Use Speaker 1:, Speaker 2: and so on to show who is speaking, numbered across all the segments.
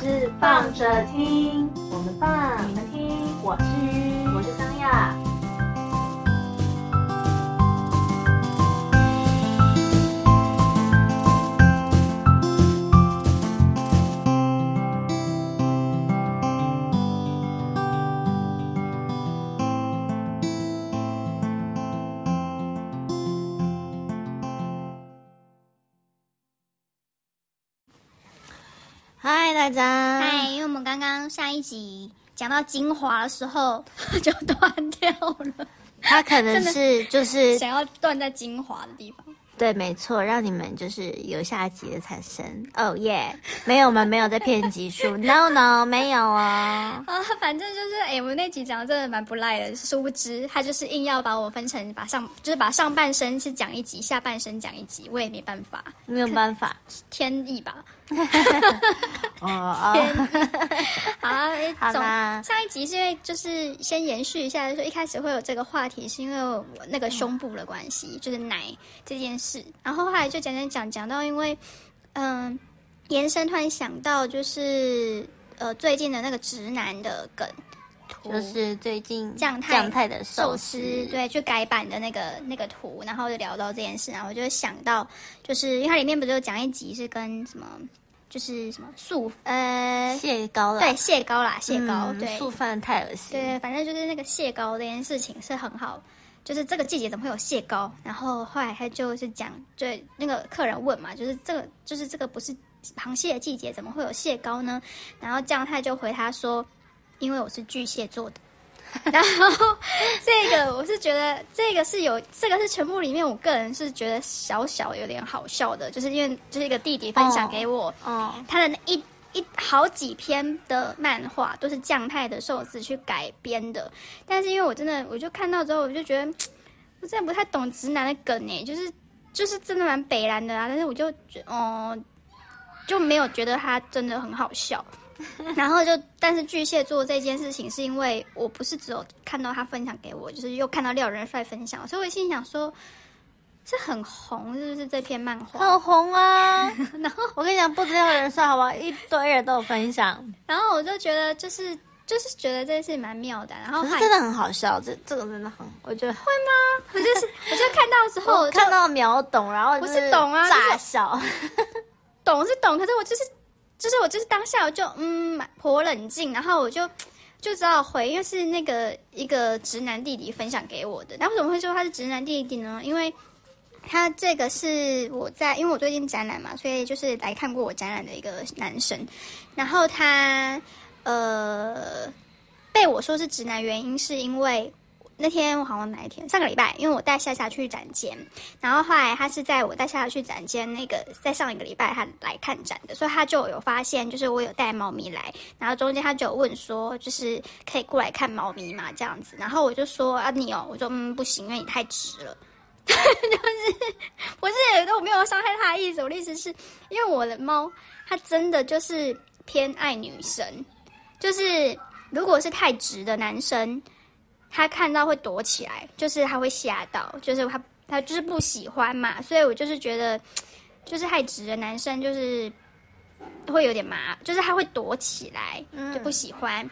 Speaker 1: 是放着聽，我們放，你們聽。我聽，我是，我是桑亞。
Speaker 2: 嗨，大家！嗨，因為我們剛剛上一集講到精華的時候 就斷掉了，他可能是就是想要斷在精華的地方。
Speaker 1: 對，沒錯，讓你們就是有下一集的產生。Oh yeah，沒有嗎？沒有在騙集數？No no，沒有啊、
Speaker 2: 哦。啊，反正就是，哎、欸，我們那集講的真的蠻不賴的。殊不知，他就是硬要把我分成把上，就是把上半身是講一集，下半身講一集，我也沒辦法，沒有辦法，天意吧。哈哈哈！哦哦，好啊， 總好上一集是因為就是先延續一下，就是說一開始會有這個話題，是因為我那個胸部的關係、嗯，就是奶這件事。然後後來就講講講講到，因為嗯、呃，延伸突然想到，就是呃，最近的那個直男的梗。圖，就是最近將太將太的壽司,司，對，就改版的那個那個圖，然後就聊到這件事，然後我就想到，就是因為它裡面不就講一集是跟什麼，就是什麼素呃蟹膏啦，對蟹膏啦，蟹膏、嗯、對素飯太噁心，對，反正就是那個蟹膏這件事情是很好，就是這個季節怎麼會有蟹膏？然後後來他就是講，就那個客人問嘛，就是這個就是這個不是螃蟹的季節，怎麼會有蟹膏呢？然後將太就回他說。因為我是巨蟹座的。 然後這個我是覺得這個是有這個是全部裡面我個人是覺得小小有點好笑的。就是因為就是一個弟弟分享給我，哦，哦他的那一一好幾篇的漫畫都是將太的壽司去改編的，但是因為我真的我就看到之後我就覺得我真的不太懂直男的梗呢、欸，就是就是真的蠻北爛的啊，但是我就覺，哦、嗯、就沒有覺得他真的很好笑。 然後就，但是巨蟹做這件事情是因為，我不是只有看到他分享給我，就是又看到廖人帥分享，所以我心想說，是很紅是不是這篇漫畫？很紅啊！Okay. 然後 我跟你講，不知道人帥，好不好？一堆人都有分享。 然後我就覺得，就是就是覺得這件事蠻妙的。然後真的很好笑，這這個真的很，我覺得 會嗎？我就是，我就看到的時候我，我看到秒懂，然後不、就是、是懂啊，詐、就是、笑，懂是懂，可是我就是。就是我，就是當下我就嗯蠻頗冷靜，然後我就就只好回，又是那個一個直男弟弟分享給我的。那為什麼會說他是直男弟弟呢？因為他這個是我在因為我最近展覽嘛，所以就是來看過我展覽的一個男生。然後他呃被我說是直男，原因是因為。那天我好像哪一天，上個禮拜，因為我帶夏夏去展間，然後後來他是在我帶夏夏去展間那個，在上一個禮拜他來看展的，所以他就有發現，就是我有帶貓咪來，然後中間他就有問說，就是可以過來看貓咪嘛這樣子，然後我就說啊你哦，我說嗯不行，因為你太直了， 就是，不是我是都沒有傷害他的意思，我的意思是因為我的貓它真的就是偏愛女神，就是如果是太直的男生。他看到會躲起來，就是他會嚇到，就是他他就是不喜歡嘛，所以我就是覺得，就是太直的男生就是會有點麻，就是他會躲起來，就不喜歡，嗯，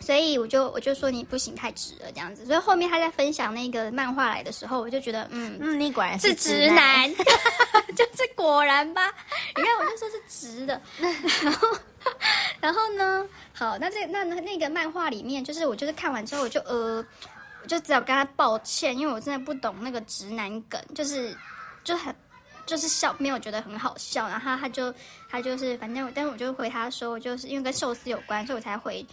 Speaker 2: 所以我就我就說你不行，太直了這樣子。所以後面他在分享那個漫畫來的時候，我就覺得，嗯，嗯，你果然是直男，是直男 就是果然吧。 你看，我就說是直的，然後然後呢？哦，那這那那個漫畫裡面，就是我就是看完之後，我就呃，我就只好跟他抱歉，因為我真的不懂那個直男梗，就是就很就是笑，沒有覺得很好笑。然後他就他就是反正我，但是我就回他說，就是因為跟壽司有關，所以我才回，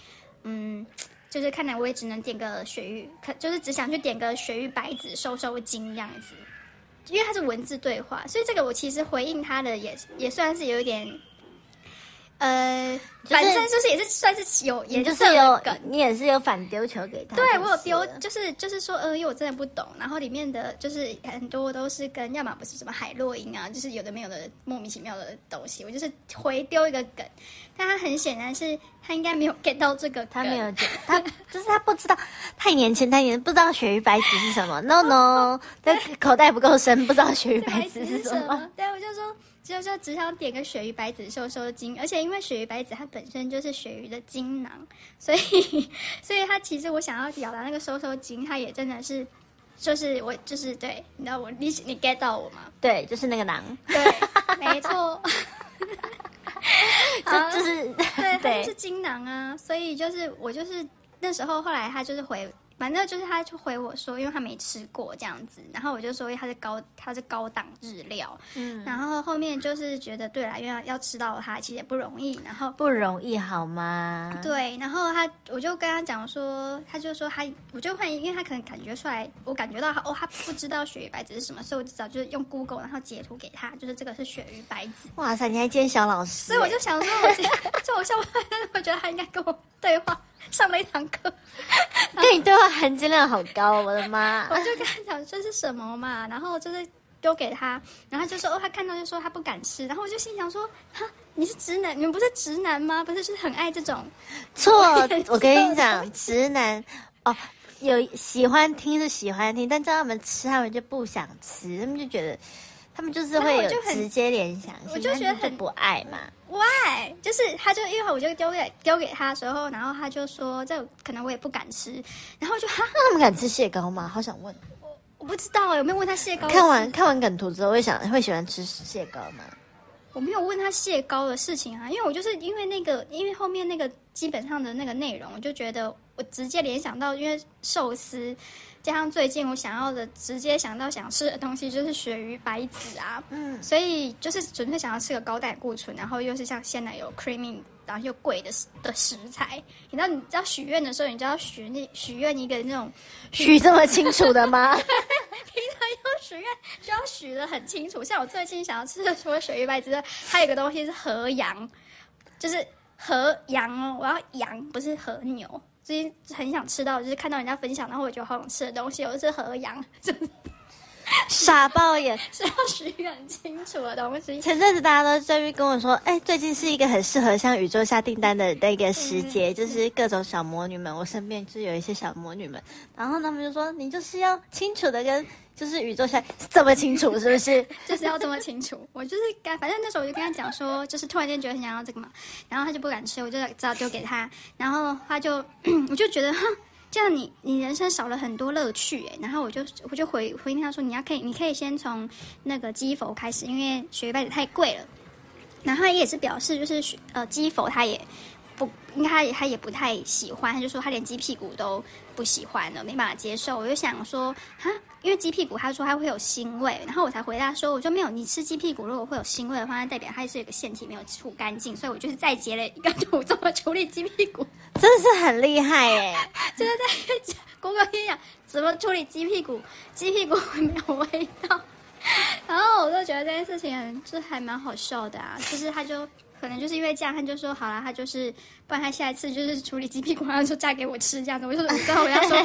Speaker 2: 嗯，就是看來我也只能點個鱈魚可，就是只想去點個鱈魚白子收收金，這樣子，因為它是文字對話，所以這個我其實回應他的也也算是有一點。呃、就是，反正就是，是也是算是有就是的梗，
Speaker 1: 你也是有反丟球給他。對我、啊、有丟，
Speaker 2: 就是就是說，呃，因為我真的不懂。然後裡面的就是很多都是跟要麼不是什麼海洛因啊，就是有的沒有的莫名其妙的東西。我就是回丟一個梗，但他很顯然是他應該沒有 get 到這個，他沒有 g 他
Speaker 1: 就是他不知道， 太年輕，太年不知道鱈魚白子是什麼。No no，他、哦、口袋不夠深，不知道鱈魚白是子是什麼。對、啊，我
Speaker 2: 就說。就就只想點個鱈魚白子收收精，而且因為鱈魚白子它本身就是鱈魚的精囊，所以，所以它其實我想要表達那個收收精，它也真的是，就是我就是對，你知道我你你 get 到我嗎？
Speaker 1: 對，就是那個囊，
Speaker 2: 對，沒錯，
Speaker 1: 就是
Speaker 2: 對，就是精囊啊，所以就是我就是那時候後來他就是回。反正就是他，就回我說，因為他沒吃過這樣子，然後我就說因為他是高，他是高檔日料。嗯，然後後面就是覺得對啦，因為要，要吃到它其實也不容易，然後不容易好嗎？對，然後他我就跟他講說，他就說他，我就懷疑，因為他可能感覺出來，我感覺到他哦，他不知道鱈魚白子是什麼，所以我就找就是用 Google 然後截圖給他，就是這個是鱈魚白子。
Speaker 1: 哇塞，你還兼小老師，欸？所以我就
Speaker 2: 想說我其實，我就我笑完，我覺得他應該跟我對話上了一堂課， 跟你對話含
Speaker 1: 金量好高，我的媽！ 我就
Speaker 2: 跟他講這是什麼嘛，然後就是丟給他，然後他就說哦，他看到就說他不敢吃，然後我就心想說，哈，你是直男，你們不是直男嗎？不是是很愛這種？
Speaker 1: 錯，我也知道，我跟你講， 直男哦，有喜歡聽是喜歡聽，但叫他們吃他們就不想吃，他們就覺得。他們就是會有直接聯想，想，
Speaker 2: 我就覺得很不愛嘛，不愛，就是他就會兒我就丟給丟給他，的時候，然後他就說，這可能我也不敢吃，然後就哈，他們敢吃蟹膏嗎？好想問，我，我不知道有、欸、沒有問他蟹膏。看完
Speaker 1: 看完梗圖之後會想會喜歡吃
Speaker 2: 蟹膏嗎？我沒有問他蟹膏的事情啊，因為我就是因為那個，因為後面那個基本上的那個內容，我就覺得我直接聯想到，因為壽司。加上最近我想要的，直接想到想吃的東西就是鱈魚白子啊，嗯，所以就是純粹想要吃個高膽固醇，然後又是像鮮奶油 creaming，然後又貴的的食材。你知道你知道許願的時候，你就要許那許願一個那種許這麼清楚的嗎？ 平常要許願就要許的很清楚，像我最近想要吃的除了鱈魚白子的，還有一個東西是和羊，就是和羊哦，我要羊，不是和牛。最近很想吃到，就是看到人家分享，然後我覺得好想吃的東西，有一次河羊，真的。
Speaker 1: 傻爆眼是要許願
Speaker 2: 清楚的東西。前陣子大家都
Speaker 1: 這邊跟我說，哎，最近是一個很適合像宇宙下訂單的那個時節，就是各種小魔女們。我身邊就有一些小魔女們，
Speaker 2: 然後他們就說，你就是要清楚的跟，就是宇宙下這麼清楚，是不是？ 就是要這麼清楚。我就是，反正那時候我就跟他講說，就是突然間覺得很想要這個嘛，然後他就不敢吃，我就只好丟給他。然後他就我就覺得，哼。這樣，你你人生少了很多樂趣誒、欸、然後我就我就回回應他說，你要可以，你可以先從那個雞佛開始，因為鱈魚白子太貴了。然後也是表示就是呃雞佛，他也不，應該也他也不太喜歡，他就說他連雞屁股都不喜歡了，沒辦法接受。我就想說哈，因為雞屁股他說它會有腥味，然後我才回答說，我就沒有，你吃雞屁股如果會有腥味的話，那代表它是有一個腺體沒有處乾淨，所以我就是再結了一個步驟，怎麼處理雞屁股，
Speaker 1: 真的是很厲害哎、
Speaker 2: 欸。 就在在講公共營養怎麼處理雞屁股，雞屁股會沒有味道。 然後我就覺得這件事情就還蠻好笑的啊， 就是他就可能就是因為這樣，他就說好了，他就是不然他下一次就是處理雞屁股，然後就炸給我吃這樣子。我就你知道我要說，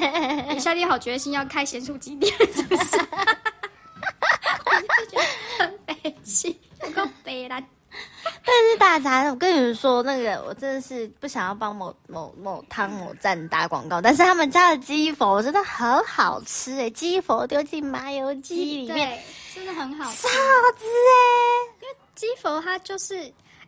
Speaker 2: 你下定好決心要開鹹酥雞店是不是？ 我就哈，哈，哈，悲哈，我告哈，哈， 真的是大
Speaker 1: 雜！我跟你們說，那個我真的是不想要幫某某某，某某湯某站打廣告，但是他們家的雞佛真的很好吃哎！雞佛丟進麻
Speaker 2: 油雞裡面，真的很好吃。啥子因為雞佛它就是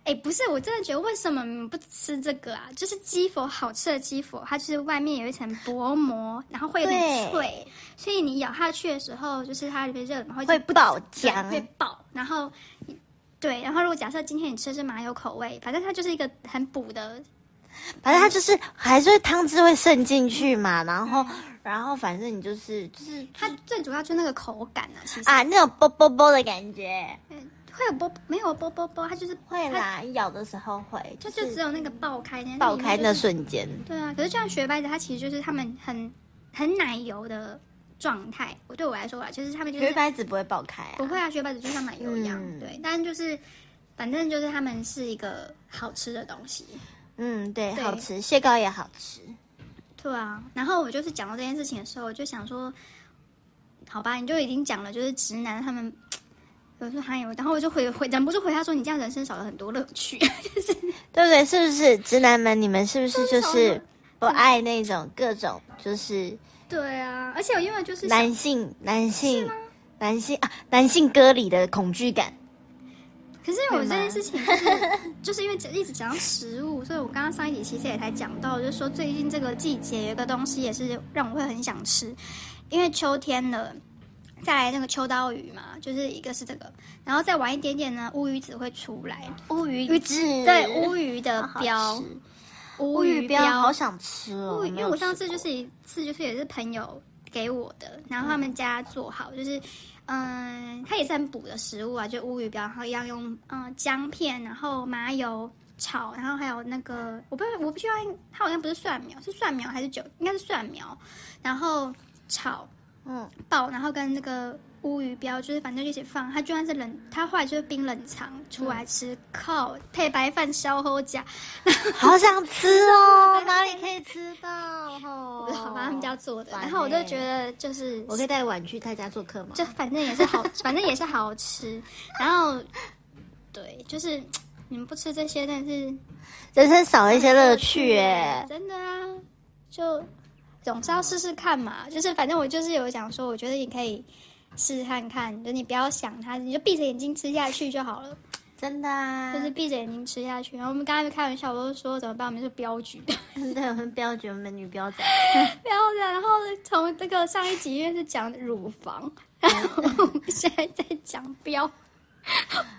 Speaker 2: 哎、欸，不是，我真的覺得為什麼不吃這個啊？就是雞佛好吃的雞佛，它就是外面有一層薄膜，然後會有點脆，所以你咬下去的時候，就是它裡面就熱，然後不會爆漿，會爆，然後。對，然後如果假設今天你吃的是麻油口味，反正它就是一個很補的，反正它就是、嗯、
Speaker 1: 還是會湯汁會滲進去嘛，然後、嗯、
Speaker 2: 然後反正你就是就是它最主要就是那個口感啊，其實啊那種啵啵啵的感
Speaker 1: 覺，欸、會有
Speaker 2: 啵沒有啵啵啵，它就是會啦它，咬的時候會，就就只有那個爆開那、就是、爆開那瞬間，對啊，可是就像鱈白子它其實就是他們很很奶油的。狀態，我對我來說吧，其實他們就是鱈白子
Speaker 1: 不會爆開啊，
Speaker 2: 不會啊，鱈白子就像奶油一樣，對。但就是，反正就是他們是一個好吃的東西，嗯
Speaker 1: 對，對，好吃，蟹膏也好吃，
Speaker 2: 對啊。然後我就是講到這件事情的時候，我就想說，好吧，你就已經講了，就是直男他們有時候還有，然後我就回回忍不住回他說，你這樣人生少了很多樂趣，就是
Speaker 1: 對不對？是不是直男們？你們是不是就是？不愛那種各種就是，
Speaker 2: 對啊，而且我因為就
Speaker 1: 是男性男性男性啊，男性割禮的恐懼感。
Speaker 2: 可是因為我這件事情是， 就是因為一直講到食物，所以我剛剛上一集其實也才講到，就是說最近這個季節有個東西也是讓我會很想吃，因為秋天了，再來那個秋刀魚嘛，就是一個是這個，然後再晚一點點呢，烏魚子會出來，烏魚魚子，對，烏魚的膘好好烏魚鰾好
Speaker 1: 想吃哦，吃因為，我上次
Speaker 2: 就是一次，就是也是朋友給我的，然後他們家做好，嗯、就是，嗯，它也是很補的食物啊，就烏魚鰾，然後一樣用，嗯，薑片，然後麻油炒，然後還有那個我不我不喜歡，它好像不是蒜苗，是蒜苗還是韭，應該是蒜苗，然後炒，嗯，爆，然後跟那個。烏魚膘就是反正就一起放，它居然是冷，它後來就是冰冷藏出來吃，嗯、靠配白飯燒好呷，好想吃哦， 在哪裡
Speaker 1: 可以吃到？
Speaker 2: 哦 我媽他們家做的、欸，然後我就覺得就是，我可以帶碗去他家做客嗎？就反正也是好， 反正也是好吃， 然後對，就是你們不吃這些，但是
Speaker 1: 人生少了一些樂趣哎、欸，
Speaker 2: 真的啊，就總是要試試看嘛、嗯，就是反正我就是有想說，我覺得你可以。試試看，看，就你不要想它，你就閉着眼睛吃下去就好了。真的、啊，就是閉着眼睛吃下去。然後我們剛才開玩笑，我都說怎麼辦？我們是鏢局，對、嗯，我們鏢局，我們女鏢仔，鏢仔。然後從那個上一集因為是講乳房，嗯、然後我們現在在講鏢，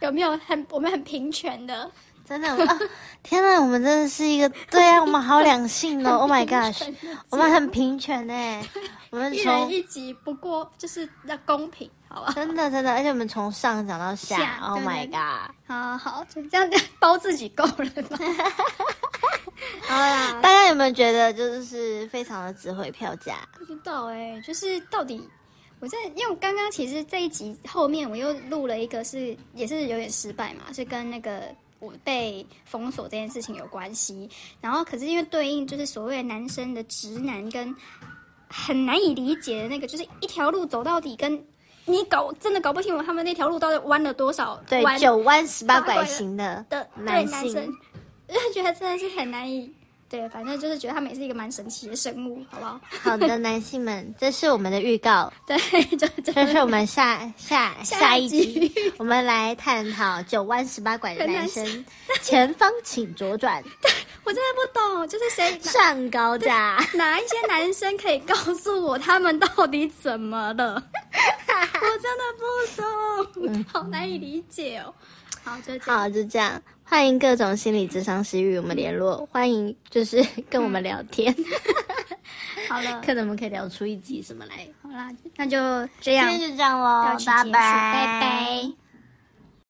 Speaker 2: 有沒有很？我們很平權的。真的啊、哦！
Speaker 1: 天哪、啊，我們真的是一個，對啊，我們好兩性哦 ！Oh my gosh，我們很平權呢。
Speaker 2: 我們從一人一集，不過就是要公平，好吧？
Speaker 1: 真的真的，而且我們從上講到下，下對對，Oh my God！
Speaker 2: 好，好，就這樣包自己夠了
Speaker 1: 嗎？ 好啦， 大家有沒
Speaker 2: 有覺得就是非常
Speaker 1: 的值回票價？
Speaker 2: 不知道哎、欸，就是到底我在因為，我剛剛其實這一集後面我又錄了一個是，是也是有點失敗嘛，是跟那個。我被封鎖這件事情有關係，然後可是因為對應就是所謂的男生的直男，跟很難以理解的那個，就是一條路走到底跟，跟你搞真的搞不清楚他們那條路到底彎了多少，對，九彎十八拐型的的男性，我就覺得真的是很難以。對，反正就是覺得他們也是一個蠻神奇的生物，好
Speaker 1: 不好？好的，男性們，這是我們的預告，
Speaker 2: 對，就，
Speaker 1: 就這是我們下下下一集，一集 我們來探討九彎十八拐的男生，前方請左轉對。
Speaker 2: 我真的不懂，就是誰上高架？哪一些男生可以告訴我他們到底怎麼了？ 我真的不懂，好難以理解哦。好，就這
Speaker 1: 樣好，就這樣。歡迎各種心理諮商師與我們聯絡。歡迎就是跟我們聊天。嗯、呵呵好了，可能我們可以聊出一集什麼來。
Speaker 2: 好啦，那就這樣，今天就這樣嘍，哦，拜拜，拜拜。